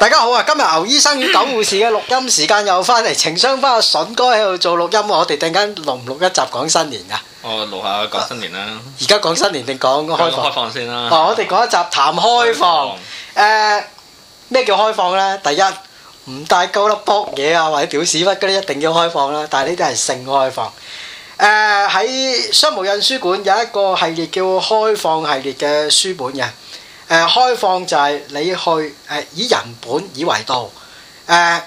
大家好啊！今日牛醫生與狗護士嘅錄音時間又翻嚟，情商返阿筍哥喺度做錄音啊！我哋陣間錄唔錄一集講新年噶？哦，錄下講新年啦。而家講新年定講開放？開放先啦。哦，我哋講一集談開放。開放。誒，咩叫開放呢？第一，唔帶鳩粒卜嘢啊，或者屌屎忽嗰啲，一定要開放啦。但係呢啲係性開放。誒，喺商務印書館有一個系列叫開放系列嘅書本嘅。誒、呃、開放就係你去誒、呃、以人本以為道誒，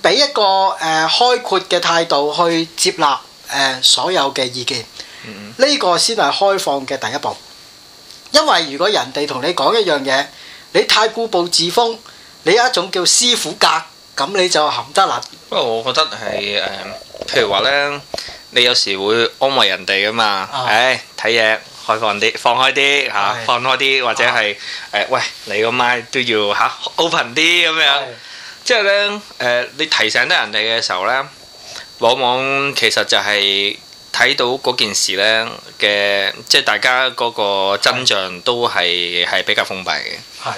俾、呃、一個誒、呃、開闊嘅態度去接納誒、呃、所有嘅意見，呢、嗯、個先係開放嘅第一步。因為如果人哋同你講一樣嘢，你太固步自封，你有一種叫師傅格，咁你就含得啦。不過我覺得係誒、呃，譬如話咧，你有時會安慰人哋噶嘛，誒，睇嘢。哎開放啲，放開啲吓，放開啲或者係誒喂，你個麥都要吓 open 啲咁樣。之後咧誒，你提醒得人哋嘅時候咧，往往其實就係睇到嗰件事咧嘅，即係大家嗰個真相都係係比較封閉嘅。係。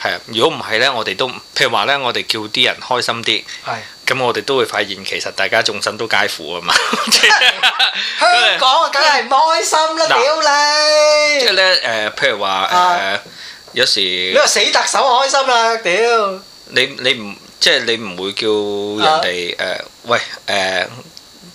係啊，如果唔係咧，我哋都譬如話咧，我哋叫啲人開心啲，咁是我哋都會發現其實大家眾生都皆苦啊嘛。 香港梗係唔開心啦，屌你 即係咧誒，譬如話誒，呃啊、有時你話死特首啊，開心啦，屌！你你唔即係你唔會叫人哋誒、啊呃、喂誒？呃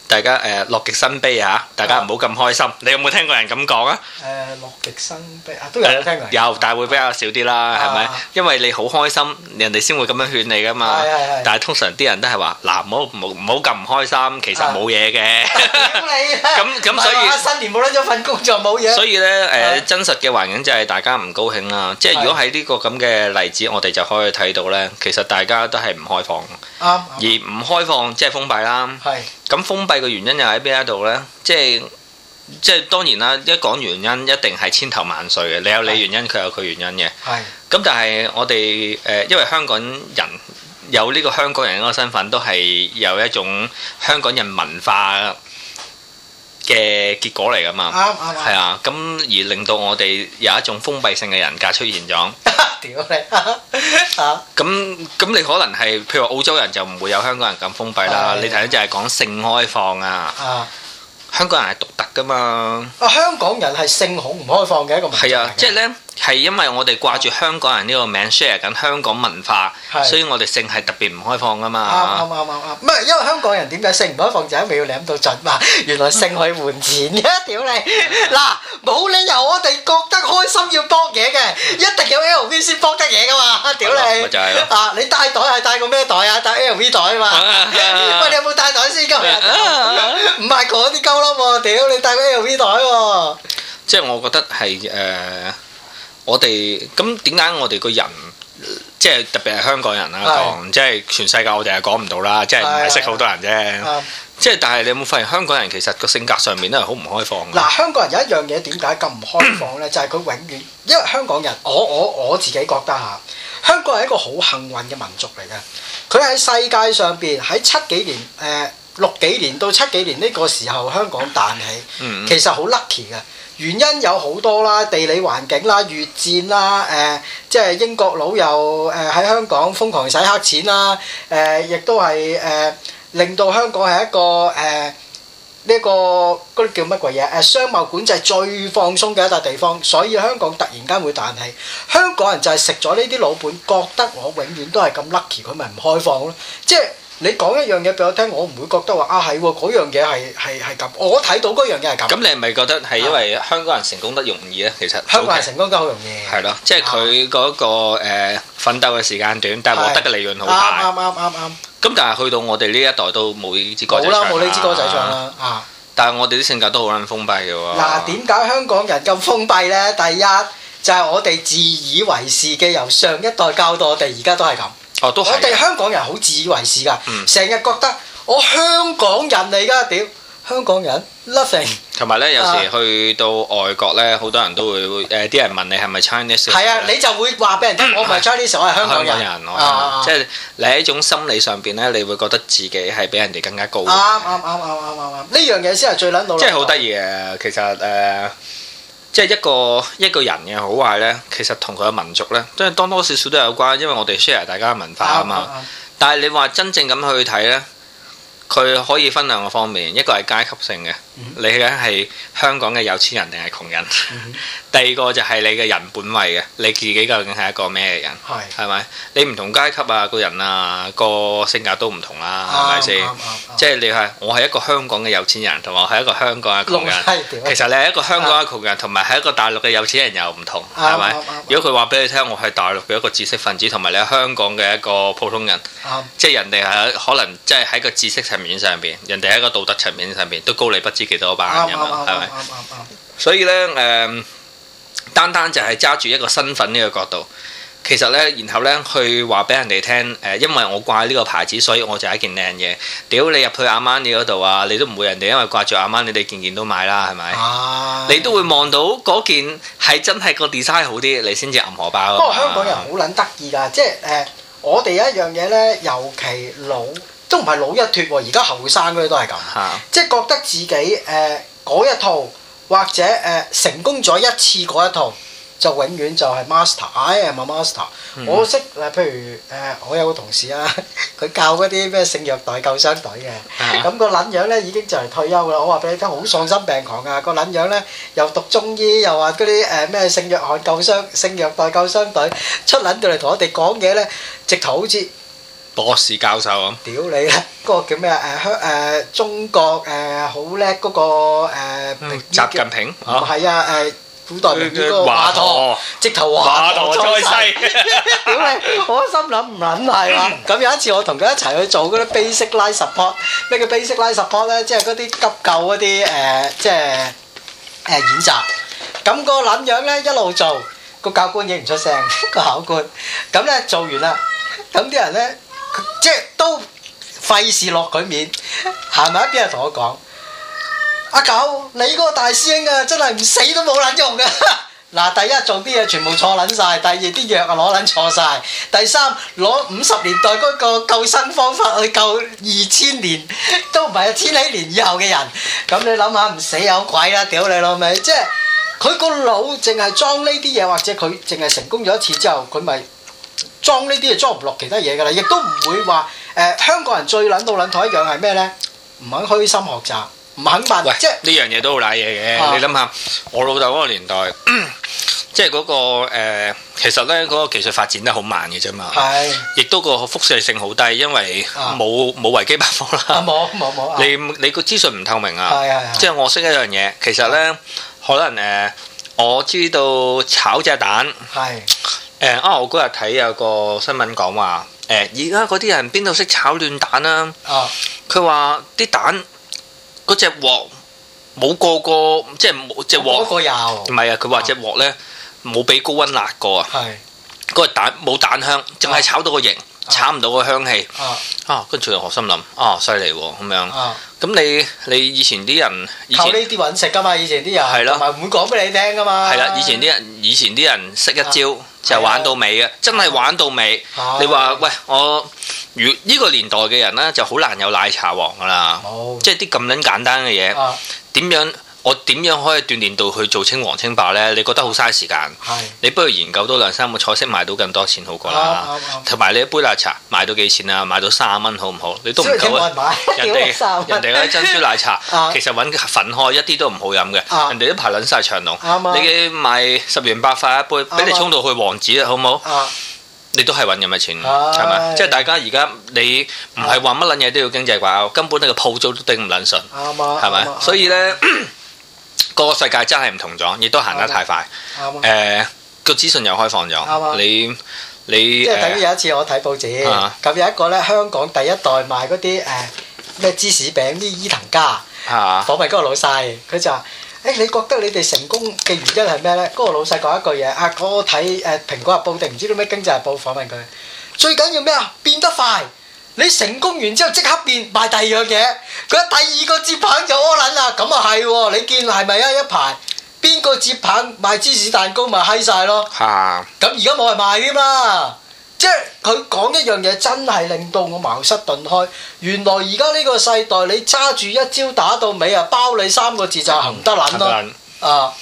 大家誒樂極生悲嚇，大家唔好咁開心。你有冇聽過人咁講啊？誒樂極生悲啊，都有聽過。有，但係會比較少啲啦，係咪？因為你好開心，人哋先會咁樣勸你噶嘛。係係係。但係通常啲人都係話：嗱，唔好唔好唔好咁唔開心，其實冇嘢嘅。恭喜你。咁咁所以新年冇得咗份工作，冇嘢。所以咧誒，真實嘅環境就係大家唔高興啦。即係如果喺呢個咁嘅例子，我哋就可以睇到咧，其實大家都係唔開放。而唔開放即係封閉啦。係的，咁封閉嘅原因又喺邊一度呢？即係即係當然啦，一講原因一定係千頭萬緒嘅，你有你原因，佢有佢原因嘅。係的，咁但係我哋誒、呃，因為香港人有呢個香港人嗰個身份，都係有一種香港人文化。嘅結果嚟噶嘛？啱啱啊！係啊，咁而令到我哋有一種封閉性嘅人格出現咗。屌你！啊！咁咁你可能係譬如話澳洲人就唔會有香港人咁封閉啦。你睇就係講性開放啊！香港人係獨特噶嘛？啊！香港人係性好唔開放嘅一個問題。係啊，即係咧。係因為我哋掛住香港人呢個名 share 緊香港文化，所以我哋性係特別唔開放噶嘛。啱啱啱啱！唔係，因為香港人點解性唔開放就係未要諗到盡嘛。原來性可以換錢嘅，屌你！嗱，冇理由我哋覺得開心要搏嘢嘅，一定要 LV 先搏得嘢噶嘛，屌你！咪就係咯。啊，你帶袋係帶個咩袋啊？帶 LV 袋啊嘛。喂，你有冇帶袋先今日？唔係嗰啲鳩囉喎，屌你帶個 LV 袋喎。即係我覺得係誒。我哋咁點解我哋個人即係特別係香港人啦是，即係全世界我哋係講唔到啦，是即係唔係識好多人啫。即係是但係你有冇發現香港人其實個性格上面都係好唔開放嗱，啊，香港人有一樣嘢點解咁唔開放咧？ 就係佢永遠因為香港人，我我我自己覺得嚇，香港係一個好幸運嘅民族嚟嘅。佢喺世界上邊喺七幾年誒、呃、六幾年到七幾年呢個時候香港彈起，嗯、其實好 lucky 嘅。原因有好多啦，地理環境啦、越戰啦、誒、呃，即係英國佬又誒喺香港瘋狂洗黑錢啦，誒、呃、亦都係誒、呃、令到香港係一個誒呢、呃這個啲叫乜鬼嘢誒商貿管制最放鬆嘅一笪地方，所以香港突然間會彈起。香港人就係食咗呢啲老本，覺得我永遠都係咁 lucky，佢咪唔開放咯，即係。你講一樣嘢俾我聽，我唔會覺得話啊係喎，嗰樣嘢係係係咁。我睇到嗰樣嘢係咁。咁、嗯、你係咪覺得係因為香港人成功得容易咧？其實香港人成功得好容易。係咯，即係佢嗰個誒、嗯呃、奮鬥嘅時間短，但係獲得嘅利潤好大。啱啱啱啱啱。咁但係去到我哋呢一代都冇呢支歌仔唱啦。唱啊、但係我哋啲性格都好撚封閉嘅喎、啊。嗱、啊，點解香港人咁封閉咧？第一就係、是、我哋自以為是嘅，由上一代教到我哋，而家都係咁。我哋香港人好自以為是㗎，成日覺得我香港人嚟㗎，屌香港人，nothing。同埋咧，有時去到外國咧，好多人都會誒，啲人問你係咪 Chinese？係啊，你就會話俾人聽，我唔係 Chinese，我係香港人。即係你喺一種心理上邊咧，你會覺得自己係比人哋更加高。啱啱啱啱啱啱，呢樣嘢先係最撚到。即係好得意嘅，其實誒。即係一個一個人嘅好壞咧，其實同佢嘅民族咧，都係多多少少都有關，因為我哋 share 大家嘅文化啊嘛。 但係你話真正咁去睇咧，佢可以分兩個方面，一個係階級性嘅。你嘅係香港嘅有錢人定係窮人？ 第二個就係你嘅人本位嘅，你自己究竟係一個咩人？係咪是？你唔同階級啊，個人啊，個性格都唔同啦、啊，係咪先？嗎嗎即係你係我係一個香港嘅有錢人，同埋我係一個香港嘅窮人。其實你係一個香港嘅窮人，同埋係一個大陸嘅有錢人又唔同，係咪？嗎如果佢話俾你聽，我係大陸嘅一個知識分子，同埋你係香港嘅一個普通人，嗎嗎即係人哋係可能即係喺個知識層面上邊，人哋喺個道德層面上邊都高你不幾多包係咪？所以咧，誒，單單就係揸住一個身份呢個角度，其實咧，然後咧，去話俾人哋聽，誒，因為我掛呢個牌子，所以我就係一件靚嘢。屌、e，你入去 Armani 嗰度啊，你都唔會人哋因為掛住 Armani 你哋件件都買啦，係咪？啊、你都會望到嗰件係真係個 design 好啲，你先至撳荷包。不過香港人好撚得意㗎，即係誒、呃，我哋一樣嘢咧，尤其老。都唔係老一脱喎，而家後生嗰啲都係咁，即係覺得自己誒嗰一套或者誒成功咗一次嗰一套就永遠就係 master，I am a master。我識嗱，譬如誒，我有個同事啊，佢教嗰啲咩性虐待救傷隊嘅，咁個撚樣咧已經就嚟退休啦。我話俾你聽，好喪心病狂啊！個撚樣咧又讀中醫，又話嗰啲誒咩性虐害救傷、性虐待救傷隊出撚到嚟同我哋講嘢咧，直頭好似～博士教授咁？屌你啦！嗰個叫咩啊？誒香誒中國誒好叻嗰個誒。嗯。習近平嚇。唔係啊！係古代名醫嗰個華佗，直頭華佗再世。屌你！我心諗唔撚係啦。咁有一次我同佢一齊去做嗰啲 basic life support，咩叫 basic life support 咧？即係嗰啲急救嗰啲誒，即係誒演習。咁嗰個撚樣咧一路做，個教官影唔出聲，個考官。咁咧做完啦，咁啲人咧。即係都費事落佢面，行埋一邊啊，同我講，阿九，你嗰個大師兄啊，真係唔死都冇撚用嘅。嗱， 第一做啲嘢全部錯撚晒，第二啲藥啊攞撚錯晒，第三攞五十年代嗰個救生方法去救二千年， 都唔係千禧年以後嘅人。咁你諗下，唔死有鬼啦，屌你老味！即係佢個腦淨係裝呢啲嘢，或者佢淨係成功咗一次之後，佢咪？裝呢啲啊，裝唔落其他嘢噶啦，亦都唔會話誒，香港人最捻到捻台一樣係咩咧？唔肯虛心學習，唔肯問。即係呢樣嘢都好瀨嘢嘅。你諗下，我老豆嗰個年代，即係嗰個誒，其實咧嗰個技術發展得好慢嘅啫嘛。係。亦都個輻射性好低，因為冇冇維基百科啦。冇冇冇。你你個資訊唔透明啊。係啊。即係我識一樣嘢，其實咧可能誒，我知道炒隻蛋。係。誒，啊！我嗰日睇有個新聞講話，誒，而家嗰啲人邊度識炒亂蛋啦？啊！佢話啲蛋嗰隻鑊冇個個，即係冇隻鑊。個有。唔係啊！佢話隻鑊咧冇俾高溫辣過啊。係。嗰個蛋冇蛋香，淨係炒到個型，炒唔到個香氣。啊。跟住我心諗，啊，犀利咁樣。咁你你以前啲人？靠呢啲揾食噶嘛，以前啲人。係咯。唔係，唔會講俾你聽噶嘛。係啦，以前啲人，以前啲人識一招。就玩到尾啊！ 真係玩到尾。 你話喂，我如呢、這個年代嘅人咧，就好難有奶茶王噶啦。即係啲咁撚簡單嘅嘢，點 樣？我點樣可以鍛煉到去做清皇清霸呢？你覺得好嘥時間，你不如研究多兩三個菜式賣到咁多錢好過啦。同埋你一杯奶茶賣到幾錢啊？賣到三十蚊好唔好？你都唔夠啊，人哋人珍珠奶茶其實揾粉開一啲都唔好飲嘅。人哋都排撚晒長龍。你賣十元八塊一杯，俾你衝到去王子啦，好唔好？你都係揾咁嘅錢，係咪？即係大家而家你唔係話乜撚嘢都要經濟啩？根本你個鋪租都頂唔撚順，係咪？所以呢。個世界真係唔同咗，亦都行得太快。誒，個、呃、資訊又開放咗的。你你即係等於有一次我睇報紙，咁、呃、有一個咧香港第一代賣嗰啲誒咩芝士餅啲伊藤家，呃、訪問嗰個老細，佢就話：誒、哎，你覺得你哋成功嘅原因係咩咧？嗰、那個老細講一句嘢，啊，我睇誒《蘋果日報》定唔知啲咩《經濟日報》訪問佢，最緊要咩啊？變得快！你成功完之後即刻變賣第二樣嘢，佢第二個接棒就屙撚啦，咁啊，係喎，你見係咪啊，一排邊個接棒賣芝士蛋糕咪閪晒咯？嚇、啊！咁而家冇人賣添嘛。即係佢講一樣嘢真係令到我茅塞頓開，原來而家呢個世代你揸住一招打到尾啊，包你三個字就行得撚咯、嗯、啊！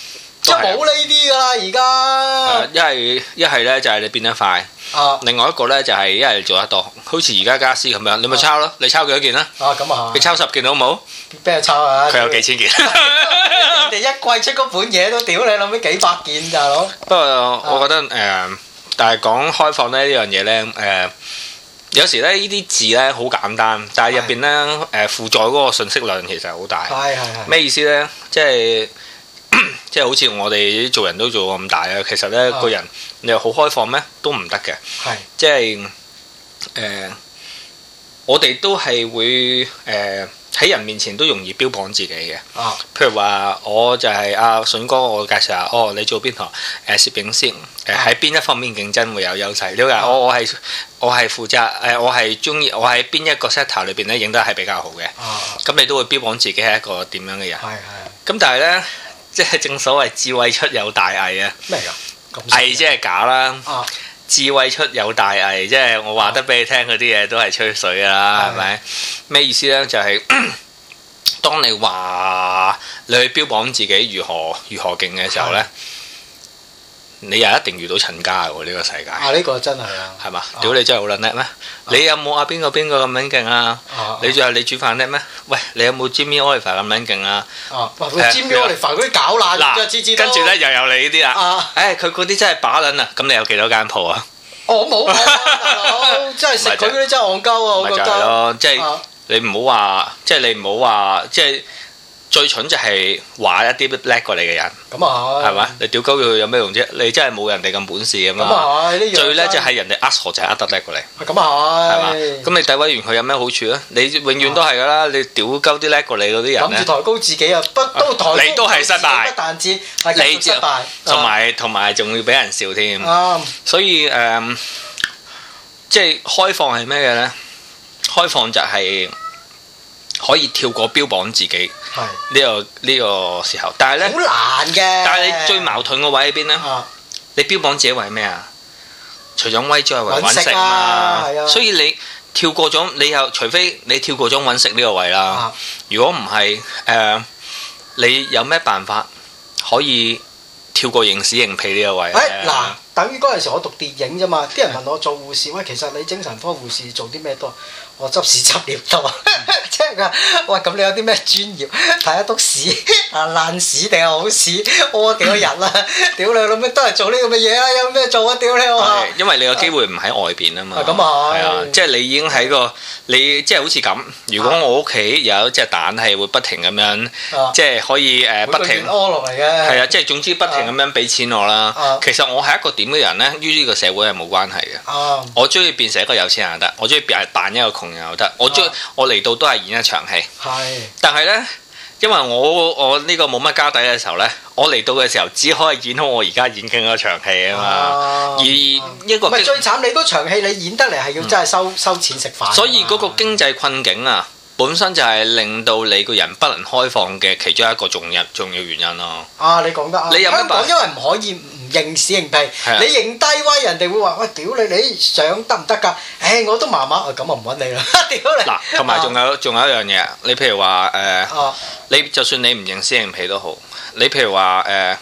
即係冇呢啲噶啦，而家。一係一係咧，就係你變得快。另外一個咧，就係一係做得多，好似而家家私咁樣，你咪抄咯，你抄幾件啦。啊，咁啊，你抄十件好唔好？俾佢抄下，佢有幾千件。你哋一季出嗰本嘢，都屌你，諗起幾百件咋咯。不過我覺得誒，但係講開放咧呢樣嘢咧，誒，有時咧呢啲字咧好簡單，但係入邊咧誒附載嗰個信息量其實好大。咩意思咧？即係。 即係好似我哋做人都做咁大啊！其實咧、哦、個人你又好開放咩，都唔得嘅。係即係誒，我哋都係會誒喺、呃、人面前都容易標榜自己嘅。哦、譬如話我就係阿順哥，我介紹下哦，你做邊行？誒、呃，攝影師。誒、呃，喺邊一方面競爭會有優勢？你話、哦、我我係我係負責誒，我係中意我喺邊、呃、一個 settle 裏邊咧影得係比較好嘅。啊、哦嗯，咁你都會標榜自己係一個點樣嘅人？係咁、嗯、但係咧。即係正所謂智慧出有大藝啊！咩噶？藝即係假啦。啊、智慧出有大藝，即係我話得俾你聽嗰啲嘢都係吹水啦，係咪、啊？咩意思咧？就係，嗯，當你話你去標榜自己如何如何勁嘅時候咧。你又一定遇到陳家喎呢個世界？啊，呢個真係啊，係嘛？屌你真係好撚叻咩？你有冇啊邊個邊個咁撚勁啊？你仲有你煮飯叻咩？喂，你有冇 Jimmy Oliver 咁撚勁啊？Jimmy Oliver 嗰啲搞爛咗，跟住咧又有你啲啊！唉，佢嗰啲真係把撚啊！咁你有幾多間鋪啊？我冇，真係食佢嗰啲真係戇鳩啊！咪就係咯，即係你唔好話，即係你唔好話，即係。最蠢就係話一啲叻過你嘅人，咁啊，係嘛？你屌鳩佢有咩用啫？你真係冇人哋咁本事噶嘛？咁啊，呢樣最叻就係人哋呃傻就係呃得叻過你。咁啊，係係嘛？咁你詆毀完佢有咩好處啊？你永遠都係噶啦，你屌鳩啲叻過你嗰啲人，諗住抬高自己啊，不都抬？你都係失敗，不但止係極度失敗，同埋同埋仲要俾人笑添。所以誒，即係開放係咩嘢咧？開放就係。可以跳過標榜自己呢的、呢個呢個時候，但係咧好難嘅。但係你最矛盾嘅位喺邊咧？啊、你標榜自己位係咩啊？除咗威之外，揾食啊，所以你跳過咗，你又除非你跳過咗揾食呢個位啦。啊、如果唔係誒，你有咩辦法可以跳過認屎認屁呢個位？誒、啊，嗱的、啊，等於嗰陣時我讀電影啫嘛，啲人問我做護士，喂，其實你精神科護士做啲咩多？我執屎執掂得啊！即係啊，喂咁你有啲咩專業？睇下篤屎啊爛屎定係好屎屙幾多日啦？屌你老味都係做呢咁嘅嘢啊！有咩做啊？屌你老味！因為你有機會唔喺外邊啊嘛。係啊，即係你已經喺個你即係好似咁。如果我屋企有一隻蛋係會不停咁樣，即係可以誒不停落嚟嘅。係啊，即係總之不停咁樣俾錢我啦。其實我係一個點嘅人咧，於呢個社會係冇關係嘅。我中意變成一個有錢人得，我中意扮一個窮。得，我最我嚟到都係演一場戲。係是，但係呢，因為我我呢個冇乜家底嘅時候呢，我嚟到嘅時候只可以演好我而家演緊嗰場戲啊嘛。啊而一、嗯，這個唔係最慘，你嗰場戲你演得嚟係要真係收、嗯、收錢食飯，所以嗰個經濟困境啊。本身就係令到你個人不能開放嘅其中一個重要重要原因咯。啊，你講得啱，你有咩講，香港因為唔可以唔認屎認屁，你認低威人哋會話：餵，屌你，你想得唔得㗎？誒，我都麻麻，咁啊唔揾你啦，屌你！嗱，同埋仲有仲有一樣嘢，你譬如話誒，你就算你唔認屎認屁都好，你譬如話誒，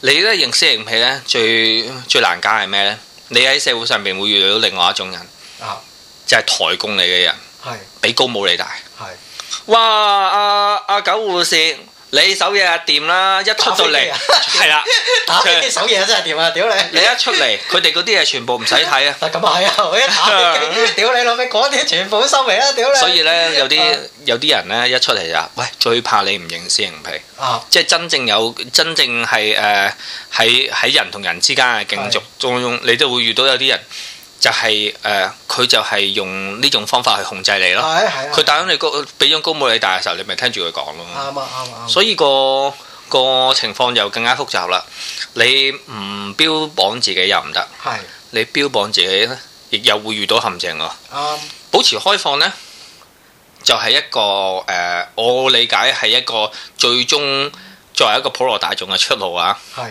你咧認屎認屁咧最最難揀係咩咧？你喺社會上邊會遇到另外一種人啊，就係抬供你嘅人。係，比高冇你大。係，哇、啊！阿、啊、阿九護士，你手嘢又掂啦，一出到嚟，係啦，了 打機手嘢真係掂啊！屌你，你一出嚟，佢哋嗰啲嘢全部唔使睇啊！啊咁啊係啊，我一打機，屌你老味，嗰啲全部收皮啦！屌你。你你你 所以咧，有啲、哦、有啲人咧，一出嚟就，喂，最怕你唔認死硬皮，啊，即係真正有真正係誒，喺、呃、喺人同人之間嘅競逐中，你都會遇到有啲人。就係、是、誒，佢、呃、就係用呢種方法去控制你咯。佢帶咗你高，俾張高帽你戴嘅時候，你咪聽住佢講咯。啱啊、嗯，啱、嗯嗯、所以個、這個情況就更加複雜啦。你唔標榜自己又唔得，是你標榜自己咧，亦又會遇到陷阱喎。嗯、保持開放呢，就係、是、一個誒、呃，我理解係一個最終作為一個普羅大眾嘅出路啊。係。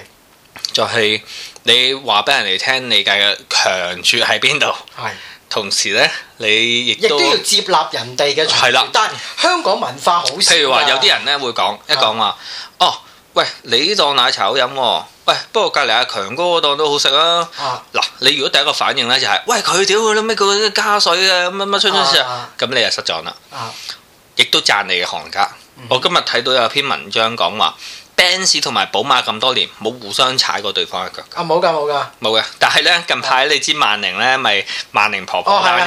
就係你話俾人哋聽，你嘅強處喺邊度？係同時咧，你亦都要接納人哋嘅係啦。但香港文化好，譬如話有啲人咧會講，一講話哦喂，你呢檔奶茶好飲，喂不過隔籬阿強哥嗰檔都好食啊。嗱，你如果第一個反應咧就係喂佢屌你佢叫加水啊？乜乜出出事咁，你又失狀啦。啊，亦都讚你嘅行家。我今日睇到有篇文章講話。Benz 同埋寶馬咁多年冇互相踩過對方一腳啊！冇㗎，冇㗎，冇嘅。但係咧近排你知萬寧咧咪萬寧婆婆嘅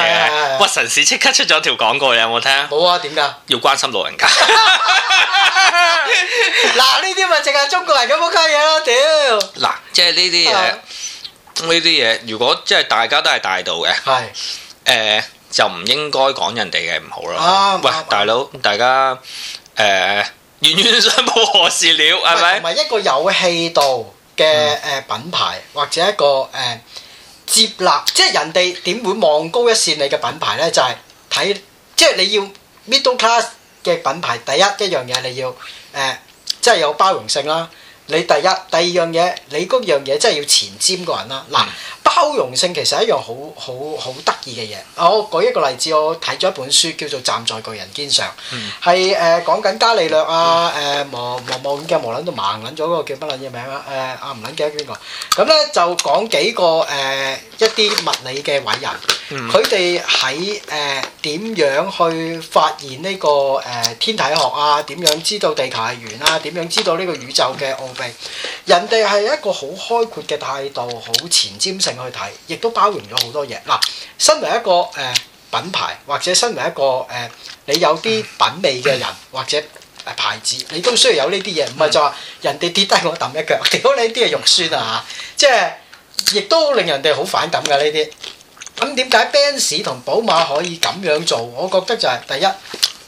屈臣氏即刻出咗條廣告，你有冇聽？冇啊！點解？要關心老人家。嗱，呢啲咪淨係中國人咁嘅嘢咯，屌！嗱，即係呢啲嘢，呢啲嘢如果即係大家都係大道嘅，係誒就唔應該講人哋嘅唔好啦。喂，大佬，大家誒。圓圓想冇何事了，係咪？同埋一個有氣度嘅誒品牌，嗯、或者一個誒、呃、接納，即係人哋點會望高一線你嘅品牌咧？就係、是、睇，即係你要 middle class 嘅品牌，第一一樣嘢你要誒、呃，即係有包容性啦。你第一、第二樣嘢，你嗰樣嘢真係要前瞻個人啦。嗱。嗯包容性其實係一樣好好好得意嘅嘢。我舉一個例子，我睇咗一本書叫做《站在巨人肩上》，係誒、嗯呃、講緊伽利略啊，誒望望望遠鏡，無撚到盲撚咗嗰個叫乜撚嘅名啊？誒阿唔撚記得邊個？咁咧就講幾個誒一啲物理嘅偉人，佢哋喺誒點樣去發現呢、呢個誒、呃、天體學啊？點樣知道地球係圓啊？點樣知道呢個宇宙嘅奧秘？人哋係一個好開闊嘅態度，好前瞻性。去睇，亦都包容咗好多嘢。嗱、啊，身為一個誒、呃、品牌，或者身為一個誒、呃、你有啲品味嘅人，嗯、或者牌子，你都需要有呢啲嘢，唔係就話人哋跌低我揼一腳。如果呢啲係肉酸啊，即係亦都令人哋好反感嘅呢啲。咁點解 Benz 同寶馬可以咁樣做？我覺得就係、是、第一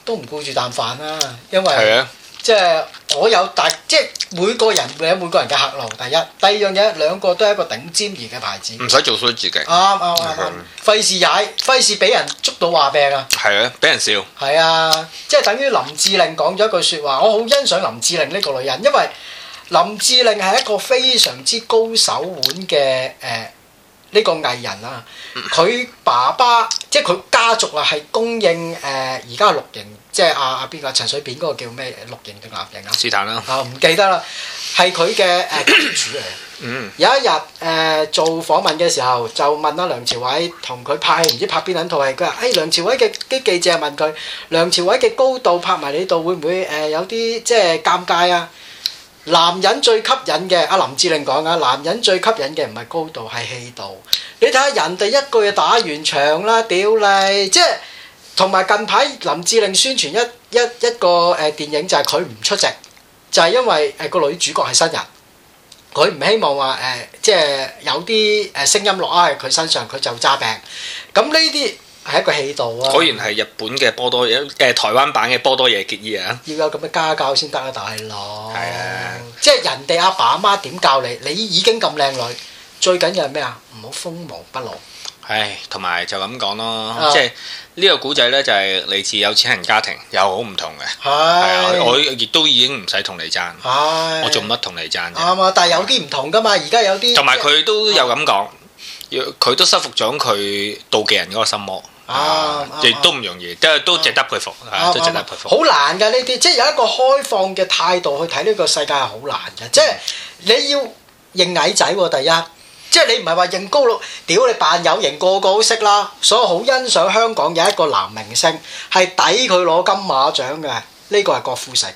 都唔顧住啖飯啦，因為。即係我有大，但即係每個人會有每個人嘅客路。第一，第二樣嘢，兩個都係一個頂尖型嘅牌子。唔使做衰自己。啱啱啱，費事踩，費事俾人捉到話病啊！係啊，俾人笑。係啊，即係等於林志玲講咗一句説話，我好欣賞林志玲呢個女人，因為林志玲係一個非常之高手腕嘅誒呢個藝人啊。佢爸爸 即係佢家族啊，係供應誒而家錄影。呃即係阿阿邊個陳水扁嗰個叫咩綠營定男人斯坦啦？啊唔記得啦，係佢嘅誒金主嚟。嗯，有一日誒做訪問嘅時候，就問阿梁朝偉，同佢拍戲唔知拍邊撚套戲，佢話：，誒梁朝偉嘅啲記者問佢，梁朝偉嘅高度拍埋你度會唔會誒有啲即係尷尬啊？男人最吸引嘅，阿林志玲講啊，男人最吸引嘅唔係高度係氣度。你睇下人哋一句打完場啦，屌你，即係。同埋近排林志玲宣傳一一一,一個誒電影就係佢唔出席，就係、是、因為誒個女主角係新人，佢唔希望話誒、呃、即係有啲誒聲音落喺佢身上，佢就揸病。咁呢啲係一個氣度啊！果然係日本嘅波多野誒、呃、台灣版嘅波多野結衣啊！要有咁嘅家教先得啊，大佬！係啊的，即係人哋阿爸阿媽點教你，你已經咁靚女，最緊要係咩啊？唔好鋒芒不露。唉，同埋就咁講咯，即係呢個古仔咧就係嚟自有錢人家庭，又好唔同嘅。係啊，我亦都已經唔使同你爭，我做乜同你爭啫？啊！但係有啲唔同噶嘛，而家有啲同埋佢都有咁講，佢都收服咗佢妒忌人嗰個心魔啊，亦都唔容易，都值得佩服，都值得佩服。好難噶呢啲，即係有一個開放嘅態度去睇呢個世界係好難嘅，即係你要認矮仔喎，第一。即係你唔係話認高佬，屌你扮有型個個都識啦，所以我好欣賞香港有一個男明星係抵佢攞金馬獎嘅，呢個係郭富城。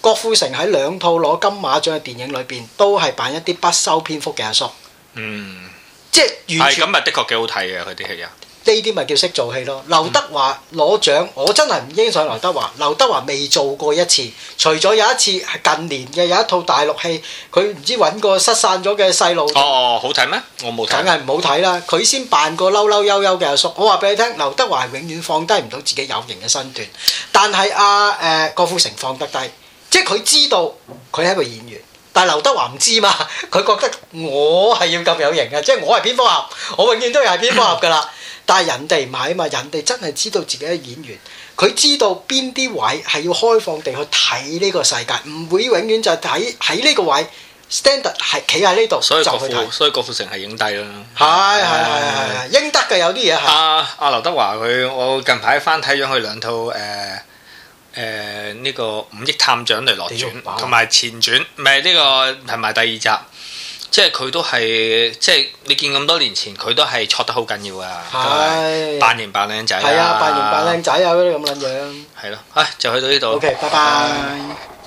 郭富城喺兩套攞金馬獎嘅電影裏邊都係扮一啲不修邊幅嘅阿叔。嗯，即係完全係咁啊，的確幾好睇嘅佢啲戲啊！呢啲咪叫識做戲咯？劉德華攞獎，我真係唔欣賞劉德華。劉德華未做過一次，除咗有一次係近年嘅有一套大陸戲，佢唔知揾個失散咗嘅細路。哦，哦，哦，好睇咩？我冇睇，梗係唔好睇啦。佢先扮個嬲嬲悠悠嘅阿叔。我話俾你聽，劉德華係永遠放低唔到自己有型嘅身段，但係阿誒郭富城放得低，即係佢知道佢係一個演員，但係劉德華唔知嘛，佢覺得我係要咁有型嘅，即係我係蝙蝠俠，我永遠都係蝙蝠俠噶啦。 但係人哋買嘛，人哋真係知道自己係演員，佢知道邊啲位係要開放地去睇呢個世界，唔會永遠就睇喺呢個位 standard 係企喺呢度就去睇。所以郭富城係影帝啦，係係係係應得嘅， 嗯、有啲嘢係。阿阿、啊、劉德華佢，我近排翻睇咗佢兩套誒誒呢個《五億探長雷洛傳》，同埋前傳，唔係呢個係埋、嗯、第二集。嗯即係佢都係，即係你見咁多年前佢都係錯得好緊要啊！扮年扮靚仔，係啊，扮年扮靚仔啊嗰啲咁嘅樣。係咯、啊，好就去到呢度。OK，拜拜。